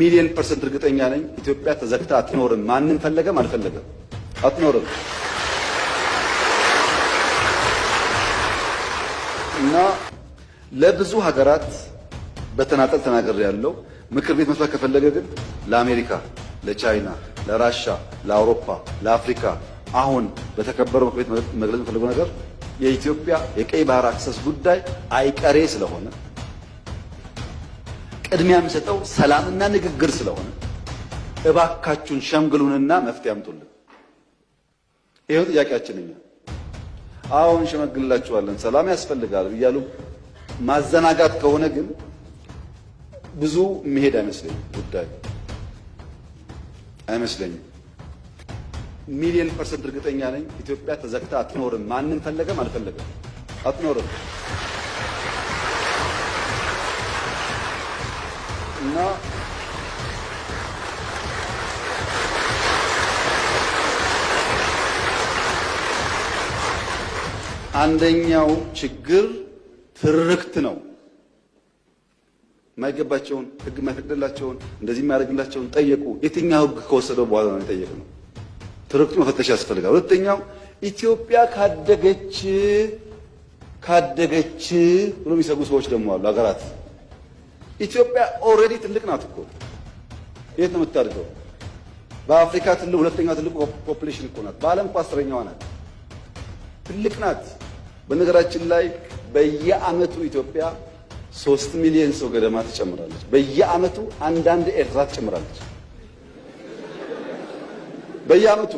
ሚሊዮን ፐርሰንት እርግጠኛ ነኝ ኢትዮጵያ ተዘግታ አትኖርም። ማንም ፈለገም አልፈለገም አትኖርም። እና ለብዙ ሀገራት በተናጠል ተናገር ያለው ምክር ቤት መስራት ከፈለገ ግን ለአሜሪካ፣ ለቻይና፣ ለራሻ፣ ለአውሮፓ፣ ለአፍሪካ አሁን በተከበረው ምክር ቤት መግለጽ የፈለገው ነገር የኢትዮጵያ የቀይ ባህር አክሰስ ጉዳይ አይቀሬ ስለሆነ ቅድሚያ የምሰጠው ሰላምና ንግግር ስለሆነ እባካችሁን ሸምግሉንና መፍትሄ አምጡልን። ይኸው ጥያቄያችን እኛ አሁን ሸመግልላችኋለን፣ ሰላም ያስፈልጋል እያሉ ማዘናጋት ከሆነ ግን ብዙ መሄድ አይመስለኝም ጉዳዩ አይመስለኝም። ሚሊዮን ፐርሰንት እርግጠኛ ነኝ ኢትዮጵያ ተዘግታ አትኖርም። ማንም ፈለገም አልፈለገም አትኖርም። እና አንደኛው ችግር ትርክት ነው። የማይገባቸውን ህግ የማይፈቅድላቸውን እንደዚህ የማያደርግላቸውን ጠየቁ። የትኛው ህግ ከወሰደው በኋላ ነው የጠየቅነው? ትርክቱ መፈተሽ ያስፈልጋል። ሁለተኛው ኢትዮጵያ ካደገች ካደገች ብሎ የሚሰጉ ሰዎች ደግሞ አሉ ሀገራት ኢትዮጵያ ኦልሬዲ ትልቅ ናት እኮ የት ነው የምታድገው? በአፍሪካ ትልቅ ሁለተኛ ትልቅ ፖፕሌሽን እኮ ናት። በዓለም እኮ አስረኛዋ ናት። ትልቅ ናት። በነገራችን ላይ በየዓመቱ ኢትዮጵያ ሶስት ሚሊዮን ሰው ገደማ ትጨምራለች። በየዓመቱ አንዳንድ ኤርትራ ትጨምራለች። በየዓመቱ